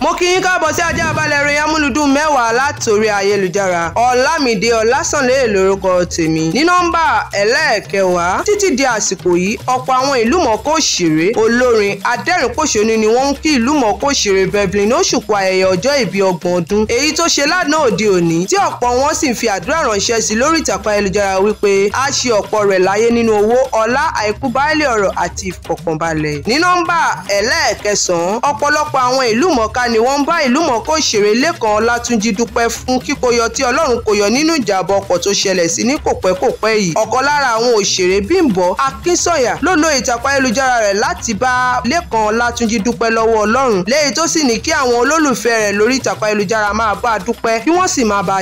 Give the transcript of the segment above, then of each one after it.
mo kí yín káàbọ̀ sí ajá balẹ̀ ìròyìn amúlùdùn mẹ́wàá látòrí ayélujára ọ̀làmídé ọ̀làsànlẹ̀ lórúkọ tèmi ní nọ́mbà ẹlẹ́ẹ̀kẹwàá títí di àsìkò yìí ọ̀pọ̀ àwọn ìlúmọ̀ọ́ká òṣèré olórin adẹ́rìnpòṣónú ni wọ́n ń kí ìlúmọ̀ọ́ká òṣèré Evelyn Òṣùpá ayẹyẹ ọjọ́ ìbí ọgbọ̀n ọdún èyí tó ṣe lánàá òde òní tí ọ̀pọ̀ wọn sì ń fi ni wọ́n ń bá ìlúmọ̀ọ́ká òṣèré Lékan Ọlátúnjí dúpẹ́ fún kíkóyọ tí Ọlọ́run kó yọ nínú ìjàmbá ọkọ̀ tó ṣẹlẹ̀ sí ní kòpẹ́kòpẹ́ yìí ọ̀kan lára àwọn òṣèré Bímbọ́ Akínsọ̀yà ló lo ìtàkùn ayélujára rẹ̀ láti bá Lékan Ọlátúnjí dúpẹ́ lọ́wọ́ Ọlọ́run léyìí tó sì ní kí àwọn olólùfẹ́ rẹ̀ lórí ìtàkùn ayélujára máa bá a dúpẹ́ kí wọ́n sì máa bá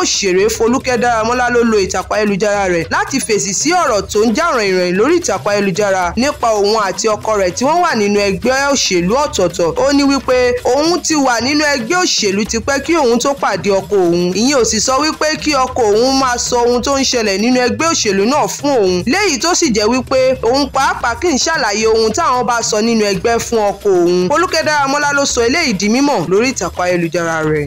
òṣèré Folúkẹ́ Dáramọ́lá ló lo ìtàkùn ayélujára rẹ̀ láti fèsì sí ọ̀rọ̀ tó ń jàràn ìròyìn lórí ìtàkùn ayélujára nípa òun àti ọkọ rẹ̀ tí wọ́n wà nínú ẹgbẹ́ òṣèlú ọ̀tọ̀ọ̀tọ̀ ó ní wípé òun ti wà nínú ẹgbẹ́ òṣèlú tipẹ́ kí òun tó pàdé ọkọ òun ìyẹn ò sì sọ wípé kí ọkọ òun máa sọ ohun tó ń ṣẹlẹ̀ nínú ẹgbẹ́ òṣèlú náà fún òun léyìí tó sì jẹ́ wípé òun pàápàá kì í ṣàlàyé ohun táwọn bá sọ nínú ẹgbẹ́ fún ọkọ òun Folúkẹ́ Dáramọ́lá ló sọ eléyìí di mímọ̀ lórí ìtàkùn ayélujára rẹ̀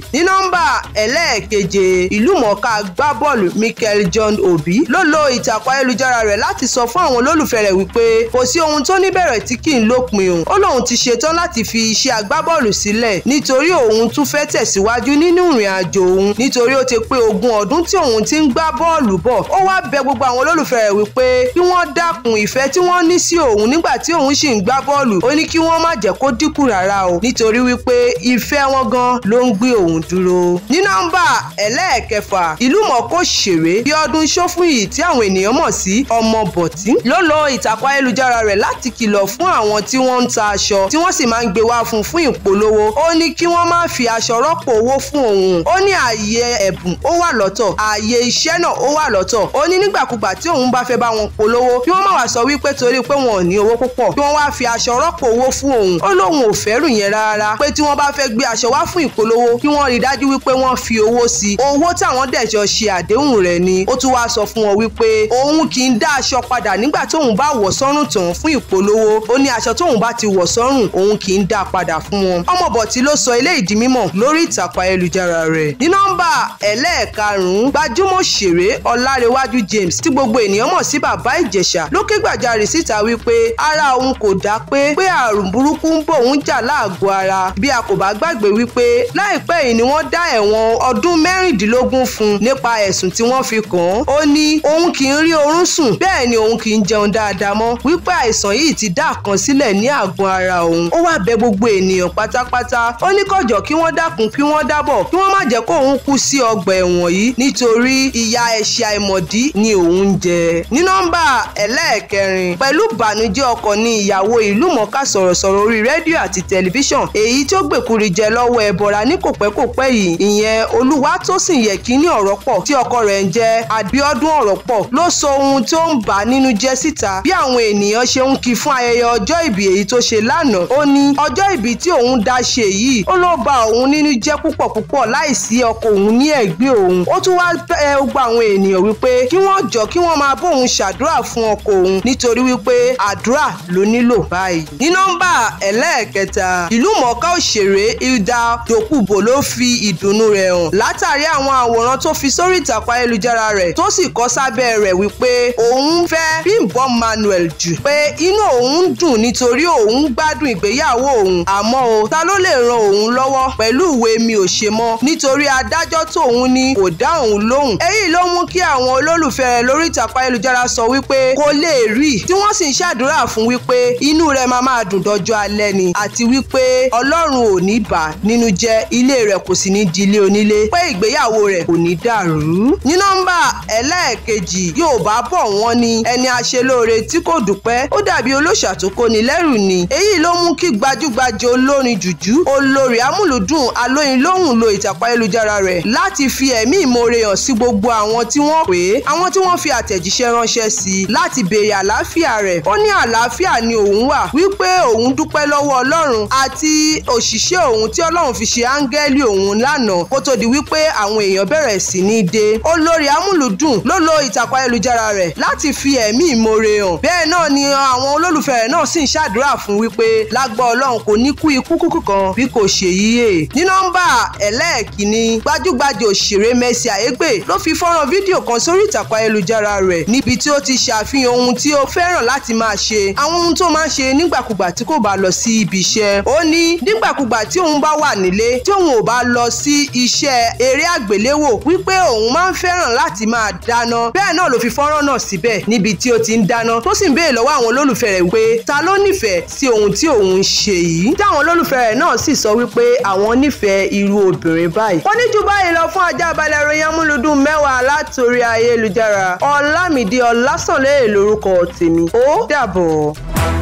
ní ìlúmọ̀ọ́ká agbábọ́ọ̀lù Michael John Obi ló lo ìtàkùn ayélujára rẹ̀ láti sọ fún àwọn olólùfẹ́ rẹ̀ wípé kò sí ohun tó níbẹ̀rẹ̀ tí kì í lópin o ó lóun ti ṣetán láti fi iṣẹ́ agbábọ́ọ̀lù sílẹ̀ nítorí òun tún fẹ́ tẹ̀síwájú nínú ìrìn àjò òun nítorí ó ti pé ogún ọdún tí òun ti ń gbá bọ́ọ̀lù bọ̀ ó wá bẹ gbogbo àwọn olólùfẹ́ rẹ̀ wípé kí wọ́n dákun ìfẹ́ tí wọ́n ní sí òun nígbà tí òun sì ń gbá bọ́ọ̀lù ó ní kí wọ́n má jẹ́ kó dínkù rárá o nítorí wípé ìfẹ́ wọn gan ló ń gbé òun dúró ní nọ́mbà ẹlẹ́ẹ̀k ẹlẹ́ẹ̀kẹfà ìlúmọ̀ọ́ká òṣèré Bíọ́dún Ṣófúnyì tí àwọn ènìyàn mọ̀ sí ọmọ bọ̀tí ló lo ìtàkùn ayélujára rẹ̀ láti kìlọ̀ fún àwọn tí wọ́n ń ta aṣọ tí wọ́n sì máa ń gbé wá fún fún ìpolówó ó ní kí wọ́n má fi aṣọ rọ́pò owó fún òun ó ní ààyè ẹ̀bùn ó wà lọ́tọ̀ ààyè iṣẹ́ náà ó wà lọ́tọ̀ ó ní nígbàkúgbà tí òun bá fẹ́ bá wọn polówó kí wọ́n má wá sọ wípé torí pé wọn ò ní owó púpọ̀ kí wọ́n wá fi aṣọ rọ́pò owó fún òun ó lóun ò fẹ́rù yẹn rárá pé tí wọ́n bá fẹ́ gbé aṣọ wá fún ìpolówó kí wọ́n rí dájú wípé wọ́n fi owó sí owó táwọn dẹ̀jọ ṣe àdéhùn rẹ̀ ni ó tún wáá sọ fún wọn wípé òun kì í dá aṣọ padà nígbà tóun bá wọ̀ sọ́rùn tán fún ìpolówó ó ní aṣọ tóun bá ti wọ̀ sọ́rùn òun kì í dá padà fún wọn ọmọbọ̀tí ló sọ ilé ìdí mímọ̀ lórí ìtàkùn ayélujára rẹ̀ ní nọ́mbà ẹlẹ́ẹ̀karùn-ún gbajúmọ̀ òṣèré ọlárẹ̀wájú James tí gbogbo ènìyàn mọ̀ sí bàbá ìjẹ̀ṣà ló ké gbàjarè síta wípé ara òun kò dá pé pé àrùn burúkú ń bò ń jà láàgọ́ ara bí a kò bá gbàgbé wípé láìpẹ́ yìí ni wọ́n dá ẹ̀wọ̀n ọdún mẹ́rìndínlógún orogún fún nípa ẹ̀sùn tí wọ́n fi kàn án ó ní òun kì í rí oorun sùn bẹ́ẹ̀ ni òun kì í jẹun dáadáa mọ́ wípé àìsàn yìí ti dá kan sílẹ̀ ní àgọ́ ara òun ó wá bẹ gbogbo ènìyàn pátápátá ó ní kọ̀jọ̀ kí wọ́n dákun kí wọ́n dábọ̀ kí wọ́n má jẹ́ kó òun kú sí ọgbà ẹ̀wọ̀n yìí nítorí ìyà ẹ̀ṣẹ̀ àìmọ̀dí ni òun jẹ ní nọ́mbà ẹlẹ́ẹ̀kẹrin pẹ̀lú bànújẹ́ ọkàn ni ìyàwó ìlú mọ̀ọ́ká sọ̀rọ̀sọ̀rọ̀ orí rédíò àti tẹlifíṣàn èyí tó gbèkúrú lọ́wọ́ ẹ̀bọ̀ra ní kòpẹ́kòpẹ́ yìí ìyẹn olúwatósìn yẹ ìkíní ọ̀rọ̀pọ̀ tí ọkọ rẹ̀ ń jẹ́ Abíọ́dún ọ̀rọ̀pọ̀ ló sọ ohun tí ó ń bà á nínú jẹ́ síta bí àwọn ènìyàn ṣe ń kí fún ayẹyẹ ọjọ́ ìbí èyí tó ṣe lánàá ó ní ọjọ́ ìbí tí òun dá ṣe yìí ó ló bà òun nínú jẹ́ púpọ̀ púpọ̀ láìsí ọkọ òun ní ẹ̀gbẹ́ òun ó tún wá bẹ̀ gba àwọn ènìyàn wípé kí wọ́n jọ kí wọ́n máa bóun ṣàdúrà fún ọkọ òun nítorí wípé àdúrà ló nílò báyìí ní nọ́mbà ẹlẹ́ẹ̀kẹta ìlúmọ̀ọ́ká òṣèré Hilda Dokubo ló fi ìdùnnú rẹ̀ hàn látàrí àwọn àwòrán tó fi sórí ìtàkùn ayélujára rẹ̀ tó sì kọ sábẹ́ rẹ̀ wípé òun fẹ́ Bímbọ́ Manuel jù pé inú òun dùn nítorí òun gbádùn ìgbéyàwó òun àmọ́ o ta ló lè ran òun lọ́wọ́ pẹ̀lú ìwé mi ò ṣe mọ́ nítorí adájọ́ tóun ní kò dá òun lóhùn èyí ló mú kí àwọn olólùfẹ́ rẹ̀ lórí ìtàkùn ayélujára sọ wípé kò lè rí tí wọ́n sì ń ṣàdúrà fún wípé inú rẹ̀ máa máa dùn dọjọ́ alẹ́ ni àti wípé Ọlọ́run ò ní bà nínú jẹ́ ilé rẹ̀ kò sì ní di ilé onílé pé ìgbéyàwó rẹ̀ kò ní dàrú. ní nọ́mbà ẹlẹ́ẹ̀kejì Yorùbá bọ̀ wọ́n ní ẹni aṣelóore tí kò dúpẹ́ ó dàbí olóṣà ni èyí ló mú kí gbajúgbajà olórin jùjú olórí amúlùdùn alóyin lóhùn lo ìtàkùn ayélujára rẹ̀ láti fi ẹ̀mí ìmoore hàn sí gbogbo àwọn tí wọ́n pè é àwọn tí wọ́n fi àtẹ̀jíṣẹ́ ránṣẹ́ sí i láti béèrè àlàáfíà rẹ̀ ó ní àlàáfíà ni òun wà wípé òun dúpẹ́ lọ́wọ́ Ọlọ́run àti òṣìṣẹ́ òun tí Ọlọ́run fi ṣe áńgẹ́lì òun lánàá kó tó di wípé àwọn èèyàn ènìyàn bẹ̀rẹ̀ sí ní dé olórí amúlùdùn ló lo ìtàkùn ayélujára rẹ̀ láti fi ẹ̀mí ìmoore hàn bẹ́ẹ̀ náà ni àwọn olólùfẹ́ rẹ̀ náà sì ń ṣàdúrà fún wípé lágbọ́ ọlọ́run kò ní kú ikú kúkú kan bí kò ṣe yíyè ní nọ́mbà ẹlẹ́ẹ̀kínní gbajúgbajà òṣèré Mercy Aigbe ló fi fọ́nrán fídíò kan sórí ìtàkùn ayélujára rẹ̀ níbi tí ó ti ṣàfihàn ohun tí ó fẹ́ràn láti máa ṣe àwọn ohun tó máa ń ṣe nígbàkúgbà tí kò bá lọ sí àgbéléwò wípé òun máa ń fẹ́ràn láti máa dáná bẹ́ẹ̀ náà ló fi fọ́nrán náà síbẹ̀ níbi tí ó ti ń dáná tó sì ń béèrè lọ́wọ́ àwọn olólùfẹ́ rẹ̀ wípé ta ló nífẹ̀ẹ́ sí ohun tí òun ń ṣe yìí tí àwọn olólùfẹ́ rẹ̀ náà sì sọ wípé àwọn nífẹ̀ẹ́ irú obìnrin báyìí. ó ní jù báyìí lọ fún ajá balẹ̀ ròyìn amúlùdùn mẹ́wàá látòrí ayélujára ọlámìdí ọlásànlẹ̀ lórúkọ tèmi ó dàbọ̀.